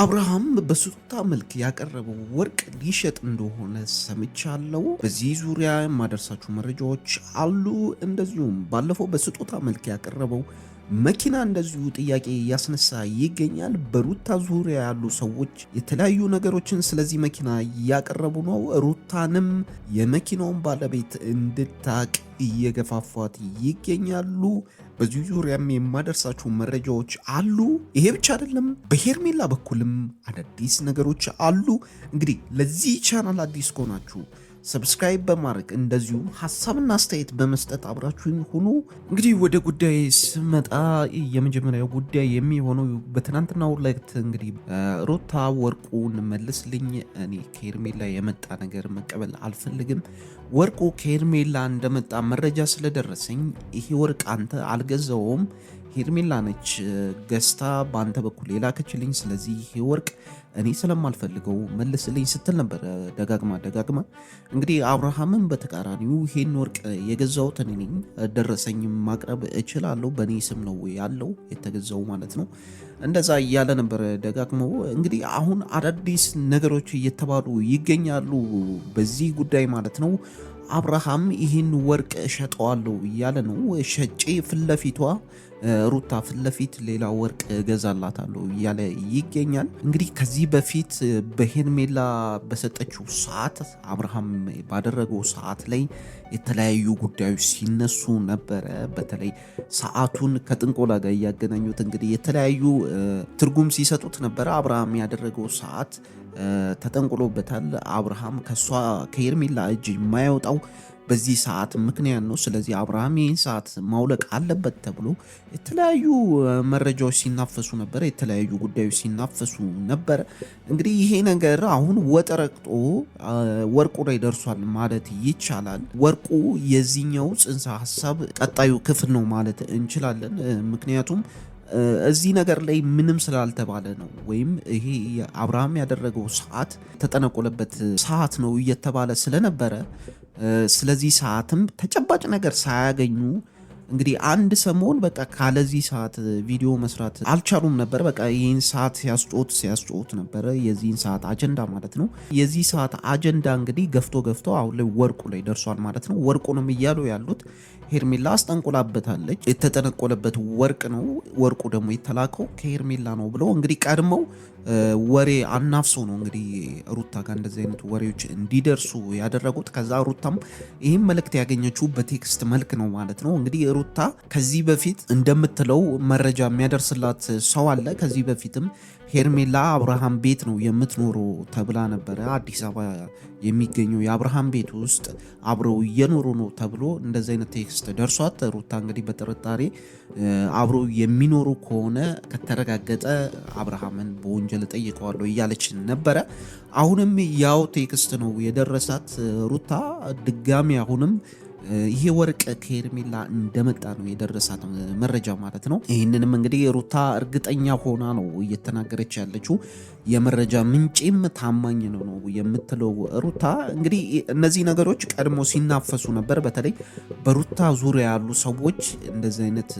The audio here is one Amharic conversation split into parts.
አብርሃም በስጦታ መልክ ያቀረበው ወርቅ ሊሸጥ እንደሆነ ሰምቻለሁ። በዚህ ዙሪያ የማደርሳችሁ መረጃዎች አሉ። እንደዚሁም ባለፈው በስጦታ መልክ ያቀረበው መኪና እንደዚሁ ጥያቄ እያስነሳ ይገኛል። በሩታ ዙሪያ ያሉ ሰዎች የተለያዩ ነገሮችን ስለዚህ መኪና እያቀረቡ ነው። ሩታንም የመኪናውን ባለቤት እንድታቅ እየገፋፏት ይገኛሉ። በዚህ ዙሪያም የማደርሳችሁ መረጃዎች አሉ። ይሄ ብቻ አይደለም፣ በሄርሜላ በኩልም አዳዲስ ነገሮች አሉ። እንግዲህ ለዚህ ቻናል አዲስ ከሆናችሁ ሰብስክራይብ በማድረግ እንደዚሁም ሀሳብና አስተያየት በመስጠት አብራችሁኝ ሁኑ። እንግዲህ ወደ ጉዳይ ስመጣ የመጀመሪያው ጉዳይ የሚሆነው በትናንትናው ዕለት እንግዲህ ሩታ ወርቁን መልስልኝ፣ እኔ ከሄርሜላ የመጣ ነገር መቀበል አልፈልግም፣ ወርቁ ከሄርሜላ እንደመጣ መረጃ ስለደረሰኝ ይሄ ወርቅ አንተ አልገዛውም ሄርሜላ ነች ገዝታ በአንተ በኩል የላከችልኝ፣ ስለዚህ ይሄ ወርቅ እኔ ስለማልፈልገው መልስልኝ ስትል ነበረ ደጋግማ ደጋግማ። እንግዲህ አብርሃምን በተቃራኒው ይሄን ወርቅ የገዛውት እኔ ነኝ፣ ደረሰኝም ማቅረብ እችላለሁ፣ በእኔ ስም ነው ያለው የተገዛው ማለት ነው። እንደዛ እያለ ነበረ ደጋግመው እንግዲህ አሁን አዳዲስ ነገሮች እየተባሉ ይገኛሉ በዚህ ጉዳይ ማለት ነው። አብርሃም ይህን ወርቅ እሸጠዋለሁ እያለ ነው። ሸጬ ፍለፊቷ ሩታ ፊት ለፊት ሌላ ወርቅ እገዛላታለሁ እያለ ይገኛል። እንግዲህ ከዚህ በፊት በሄርሜላ በሰጠችው ሰዓት አብርሃም ባደረገው ሰዓት ላይ የተለያዩ ጉዳዮች ሲነሱ ነበረ። በተለይ ሰዓቱን ከጥንቆላ ጋር እያገናኙት እንግዲህ የተለያዩ ትርጉም ሲሰጡት ነበረ። አብርሃም ያደረገው ሰዓት ተጠንቁሎበታል። አብርሃም ከሷ ከሄርሜላ እጅ የማያወጣው በዚህ ሰዓት ምክንያት ነው። ስለዚህ አብርሃም ይህን ሰዓት ማውለቅ አለበት ተብሎ የተለያዩ መረጃዎች ሲናፈሱ ነበር፣ የተለያዩ ጉዳዮች ሲናፈሱ ነበር። እንግዲህ ይሄ ነገር አሁን ወጠረቅጦ ወርቁ ላይ ደርሷል ማለት ይቻላል። ወርቁ የዚህኛው ጽንሰ ሀሳብ ቀጣዩ ክፍል ነው ማለት እንችላለን። ምክንያቱም እዚህ ነገር ላይ ምንም ስላልተባለ ነው ወይም ይሄ አብርሃም ያደረገው ሰዓት ተጠነቆለበት ሰዓት ነው እየተባለ ስለነበረ ስለዚህ ሰዓትም ተጨባጭ ነገር ሳያገኙ እንግዲህ አንድ ሰሞን በቃ ካለዚህ ሰዓት ቪዲዮ መስራት አልቻሉም ነበር። በቃ ይህን ሰዓት ሲያስጮት ሲያስጮት ነበረ፣ የዚህን ሰዓት አጀንዳ ማለት ነው። የዚህ ሰዓት አጀንዳ እንግዲህ ገፍቶ ገፍቶ አሁን ላይ ወርቁ ላይ ደርሷል ማለት ነው። ወርቁንም እያሉ ያሉት ሄርሜላ አስጠንቆላበታለች። የተጠነቆለበት ወርቅ ነው። ወርቁ ደግሞ የተላከው ከሄርሜላ ነው ብለው እንግዲህ ቀድመው ወሬ አናፍሶ ነው እንግዲህ ሩታ ጋር እንደዚህ አይነት ወሬዎች እንዲደርሱ ያደረጉት። ከዛ ሩታም ይህም መልእክት ያገኘችው በቴክስት መልክ ነው ማለት ነው። እንግዲህ ሩታ ከዚህ በፊት እንደምትለው መረጃ የሚያደርስላት ሰው አለ። ከዚህ በፊትም ሄርሜላ አብርሃም ቤት ነው የምትኖረው ተብላ ነበረ። አዲስ አበባ የሚገኘው የአብርሃም ቤት ውስጥ አብረው እየኖሩ ነው ተብሎ እንደዚህ አይነት ቴክስት ደርሷት፣ ሩታ እንግዲህ በጥርጣሬ አብረው የሚኖሩ ከሆነ ከተረጋገጠ አብርሃምን በወንጀል ጠይቀዋለሁ እያለች ነበረ። አሁንም ያው ቴክስት ነው የደረሳት ሩታ ድጋሚ አሁንም ይሄ ወርቅ ከሄርሜላ እንደመጣ ነው የደረሳት መረጃ ማለት ነው። ይህንንም እንግዲህ ሩታ እርግጠኛ ሆና ነው እየተናገረች ያለችው። የመረጃ ምንጭም ታማኝ ነው ነው የምትለው ሩታ። እንግዲህ እነዚህ ነገሮች ቀድሞ ሲናፈሱ ነበር። በተለይ በሩታ ዙሪያ ያሉ ሰዎች እንደዚህ አይነት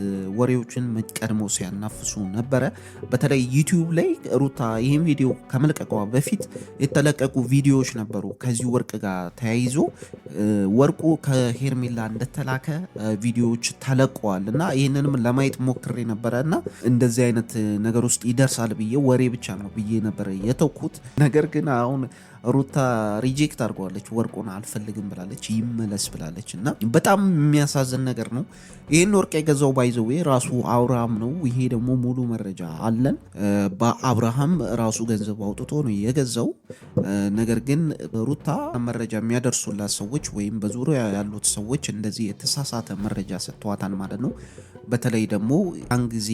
ወሬዎችን ቀድሞ ሲያናፍሱ ነበረ። በተለይ ዩቲዩብ ላይ ሩታ ይህም ቪዲዮ ከመልቀቋ በፊት የተለቀቁ ቪዲዮዎች ነበሩ ከዚህ ወርቅ ጋር ተያይዞ ወርቁ ሚላ እንደተላከ ቪዲዮዎች ተለቀዋል እና ይህንንም ለማየት ሞክሬ ነበረ እና እንደዚህ አይነት ነገር ውስጥ ይደርሳል ብዬ ወሬ ብቻ ነው ብዬ ነበረ የተኩት። ነገር ግን አሁን ሩታ ሪጀክት አድርገዋለች። ወርቁን አልፈልግም ብላለች፣ ይመለስ ብላለች። እና በጣም የሚያሳዝን ነገር ነው። ይህን ወርቅ የገዛው ባይዘዌ ራሱ አብርሃም ነው። ይሄ ደግሞ ሙሉ መረጃ አለን። በአብርሃም ራሱ ገንዘብ አውጥቶ ነው የገዛው። ነገር ግን በሩታ መረጃ የሚያደርሱላት ሰዎች ወይም በዙሪያ ያሉት ሰዎች እንደዚህ የተሳሳተ መረጃ ሰጥተዋታል ማለት ነው። በተለይ ደግሞ ያን ጊዜ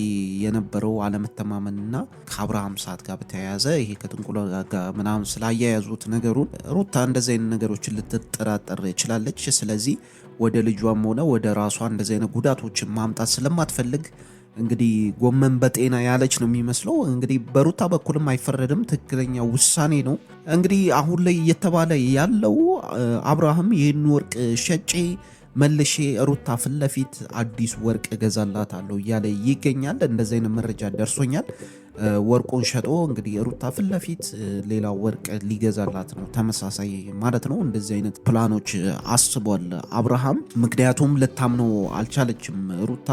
የነበረው አለመተማመንና ከአብርሃም ሰዓት ጋር በተያያዘ ይሄ ከጥንቁሎ ጋር ምናምን ስላያያዙት ነገሩን ሩታ እንደዚህ አይነት ነገሮችን ልትጠራጠር ችላለች። ስለዚህ ወደ ልጇም ሆነ ወደ ራሷ እንደዚህ አይነት ጉዳቶችን ማምጣት ስለማትፈልግ እንግዲህ ጎመን በጤና ያለች ነው የሚመስለው። እንግዲህ በሩታ በኩልም አይፈረድም፣ ትክክለኛ ውሳኔ ነው። እንግዲህ አሁን ላይ እየተባለ ያለው አብርሃም ይህን ወርቅ ሸጬ መልሼ ሩታ ፊት ለፊት አዲስ ወርቅ እገዛላታለሁ እያለ ይገኛል። እንደዚህ አይነት መረጃ ደርሶኛል። ወርቁን ሸጦ እንግዲህ ሩታ ፊት ለፊት ሌላ ወርቅ ሊገዛላት ነው፣ ተመሳሳይ ማለት ነው። እንደዚህ አይነት ፕላኖች አስቧል አብርሃም። ምክንያቱም ልታምነው አልቻለችም ሩታ።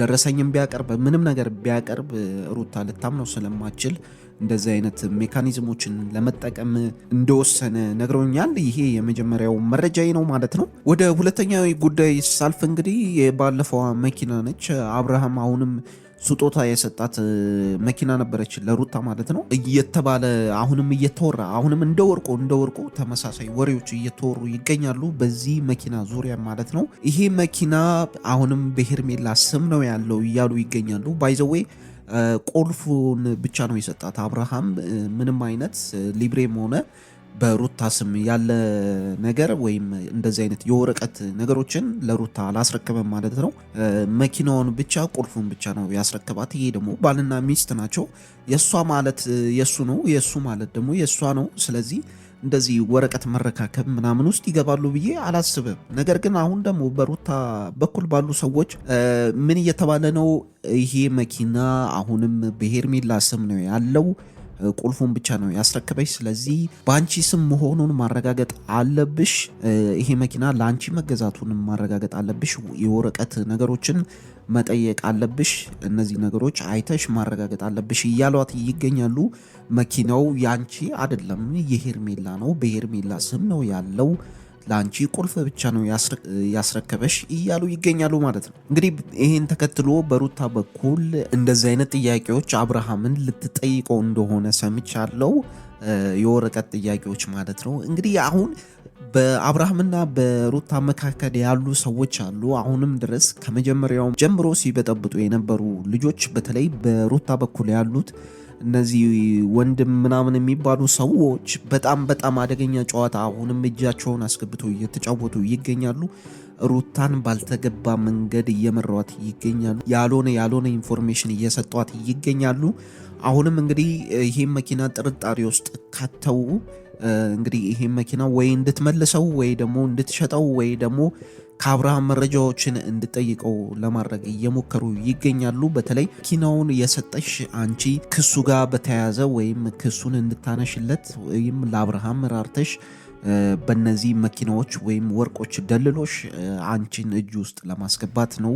ደረሰኝም ቢያቀርብ ምንም ነገር ቢያቀርብ ሩታ ልታምነው ስለማችል እንደዚህ አይነት ሜካኒዝሞችን ለመጠቀም እንደወሰነ ነግረውኛል። ይሄ የመጀመሪያው መረጃዬ ነው ማለት ነው። ወደ ሁለተኛው ጉዳይ ሳልፍ እንግዲህ የባለፈዋ መኪና ነች። አብርሃም አሁንም ስጦታ የሰጣት መኪና ነበረች ለሩታ ማለት ነው እየተባለ አሁንም እየተወራ አሁንም እንደ ወርቆ እንደ ወርቆ ተመሳሳይ ወሬዎች እየተወሩ ይገኛሉ በዚህ መኪና ዙሪያ ማለት ነው። ይሄ መኪና አሁንም በሄርሜላ ስም ነው ያለው እያሉ ይገኛሉ ባይዘዌ ቁልፉን ብቻ ነው የሰጣት። አብርሃም ምንም አይነት ሊብሬም ሆነ በሩታ ስም ያለ ነገር ወይም እንደዚህ አይነት የወረቀት ነገሮችን ለሩታ አላስረከበም ማለት ነው። መኪናውን ብቻ ቁልፉን ብቻ ነው ያስረከባት። ይሄ ደግሞ ባልና ሚስት ናቸው። የእሷ ማለት የእሱ ነው፣ የእሱ ማለት ደግሞ የእሷ ነው። ስለዚህ እንደዚህ ወረቀት መረካከብ ምናምን ውስጥ ይገባሉ ብዬ አላስብም። ነገር ግን አሁን ደግሞ በሩታ በኩል ባሉ ሰዎች ምን እየተባለ ነው? ይሄ መኪና አሁንም በሄርሜላ ስም ነው ያለው ቁልፉን ብቻ ነው ያስረክበሽ። ስለዚህ በአንቺ ስም መሆኑን ማረጋገጥ አለብሽ። ይሄ መኪና ለአንቺ መገዛቱን ማረጋገጥ አለብሽ። የወረቀት ነገሮችን መጠየቅ አለብሽ። እነዚህ ነገሮች አይተሽ ማረጋገጥ አለብሽ እያሏት ይገኛሉ። መኪናው ያንቺ አይደለም፣ የሄርሜላ ነው። በሄርሜላ ስም ነው ያለው። ለአንቺ ቁልፍ ብቻ ነው ያስረከበሽ እያሉ ይገኛሉ ማለት ነው። እንግዲህ ይህን ተከትሎ በሩታ በኩል እንደዚህ አይነት ጥያቄዎች አብርሃምን ልትጠይቀው እንደሆነ ሰምቻለሁ። የወረቀት ጥያቄዎች ማለት ነው። እንግዲህ አሁን በአብርሃምና በሩታ መካከል ያሉ ሰዎች አሉ። አሁንም ድረስ ከመጀመሪያው ጀምሮ ሲበጠብጡ የነበሩ ልጆች፣ በተለይ በሩታ በኩል ያሉት እነዚህ ወንድም ምናምን የሚባሉ ሰዎች በጣም በጣም አደገኛ ጨዋታ አሁንም እጃቸውን አስገብቶ እየተጫወቱ ይገኛሉ። ሩታን ባልተገባ መንገድ እየመሯት ይገኛሉ። ያልሆነ ያልሆነ ኢንፎርሜሽን እየሰጧት ይገኛሉ። አሁንም እንግዲህ ይሄን መኪና ጥርጣሬ ውስጥ ካተው እንግዲህ ይሄን መኪና ወይ እንድትመልሰው ወይ ደግሞ እንድትሸጠው ወይ ደግሞ ከአብርሃም መረጃዎችን እንድጠይቀው ለማድረግ እየሞከሩ ይገኛሉ። በተለይ ኪናውን የሰጠሽ አንቺ ክሱ ጋር በተያያዘ ወይም ክሱን እንድታነሽለት ወይም ለአብርሃም ራርተሽ በነዚህ መኪናዎች ወይም ወርቆች ደልሎሽ አንቺን እጅ ውስጥ ለማስገባት ነው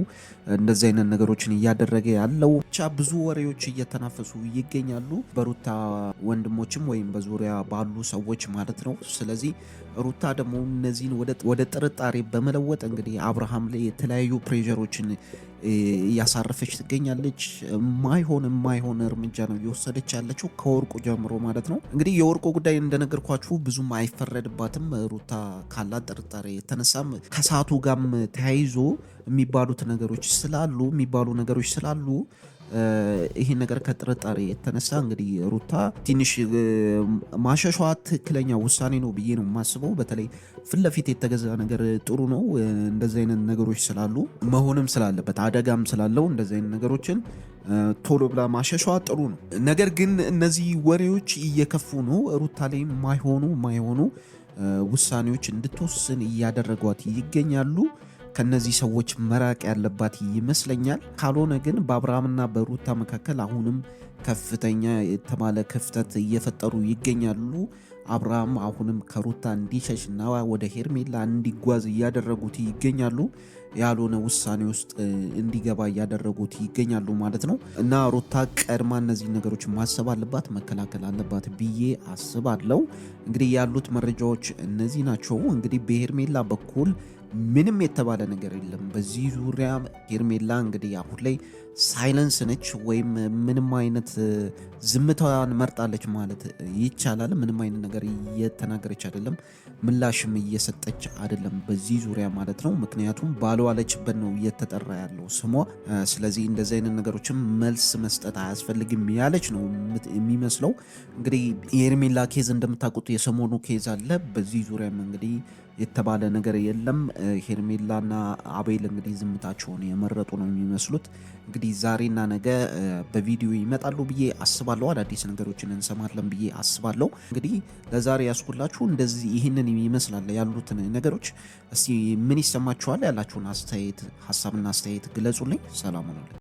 እንደዚህ አይነት ነገሮችን እያደረገ ያለው። ብቻ ብዙ ወሬዎች እየተናፈሱ ይገኛሉ በሩታ ወንድሞችም ወይም በዙሪያ ባሉ ሰዎች ማለት ነው። ስለዚህ ሩታ ደግሞ እነዚህን ወደ ጥርጣሬ በመለወጥ እንግዲህ አብርሃም ላይ የተለያዩ ፕሬዠሮችን እያሳረፈች ትገኛለች። ማይሆን ማይሆን እርምጃ ነው እየወሰደች ያለችው ከወርቁ ጀምሮ ማለት ነው። እንግዲህ የወርቁ ጉዳይ እንደነገርኳችሁ ብዙም አይፈረድባትም። ሩታ ካላት ጥርጣሬ የተነሳም ከሰዓቱ ጋም ተያይዞ የሚባሉት ነገሮች ስላሉ የሚባሉ ነገሮች ስላሉ ይሄ ነገር ከጥርጣሬ የተነሳ እንግዲህ ሩታ ትንሽ ማሸሿ ትክክለኛ ውሳኔ ነው ብዬ ነው የማስበው። በተለይ ፊት ለፊት የተገዛ ነገር ጥሩ ነው። እንደዚህ አይነት ነገሮች ስላሉ መሆንም ስላለበት አደጋም ስላለው እንደዚህ አይነት ነገሮችን ቶሎ ብላ ማሸሿ ጥሩ ነው። ነገር ግን እነዚህ ወሬዎች እየከፉ ነው። ሩታ ላይ ማይሆኑ ማይሆኑ ውሳኔዎች እንድትወስን እያደረጓት ይገኛሉ። ከነዚህ ሰዎች መራቅ ያለባት ይመስለኛል። ካልሆነ ግን በአብርሃምና በሩታ መካከል አሁንም ከፍተኛ የተባለ ክፍተት እየፈጠሩ ይገኛሉ። አብርሃም አሁንም ከሩታ እንዲሸሽና ወደ ሄርሜላ እንዲጓዝ እያደረጉት ይገኛሉ። ያልሆነ ውሳኔ ውስጥ እንዲገባ እያደረጉት ይገኛሉ ማለት ነው እና ሩታ ቀድማ እነዚህ ነገሮች ማሰብ አለባት፣ መከላከል አለባት ብዬ አስባለሁ። እንግዲህ ያሉት መረጃዎች እነዚህ ናቸው። እንግዲህ በሄርሜላ በኩል ምንም የተባለ ነገር የለም። በዚህ ዙሪያ ሄርሜላ እንግዲህ አሁን ላይ ሳይለንስ ነች ወይም ምንም አይነት ዝምታዋን መርጣለች ማለት ይቻላል። ምንም አይነት ነገር እየተናገረች አይደለም፣ ምላሽም እየሰጠች አይደለም በዚህ ዙሪያ ማለት ነው። ምክንያቱም ባለዋለችበት ነው እየተጠራ ያለው ስሟ። ስለዚህ እንደዚህ አይነት ነገሮችም መልስ መስጠት አያስፈልግም ያለች ነው የሚመስለው። እንግዲህ የሄርሜላ ኬዝ እንደምታውቁት የሰሞኑ ኬዝ አለ። በዚህ ዙሪያም እንግዲህ የተባለ ነገር የለም። ሄርሜላና አቤል እንግዲህ ዝምታቸውን የመረጡ ነው የሚመስሉት። እንግዲህ ዛሬና ነገ በቪዲዮ ይመጣሉ ብዬ አስባለሁ። አዳዲስ ነገሮችን እንሰማለን ብዬ አስባለሁ። እንግዲህ ለዛሬ ያስኩላችሁ እንደዚህ ይህንን ይመስላል ያሉትን ነገሮች። እስቲ ምን ይሰማችኋል? ያላችሁን አስተያየት ሀሳብና አስተያየት ግለጹልኝ። ሰላም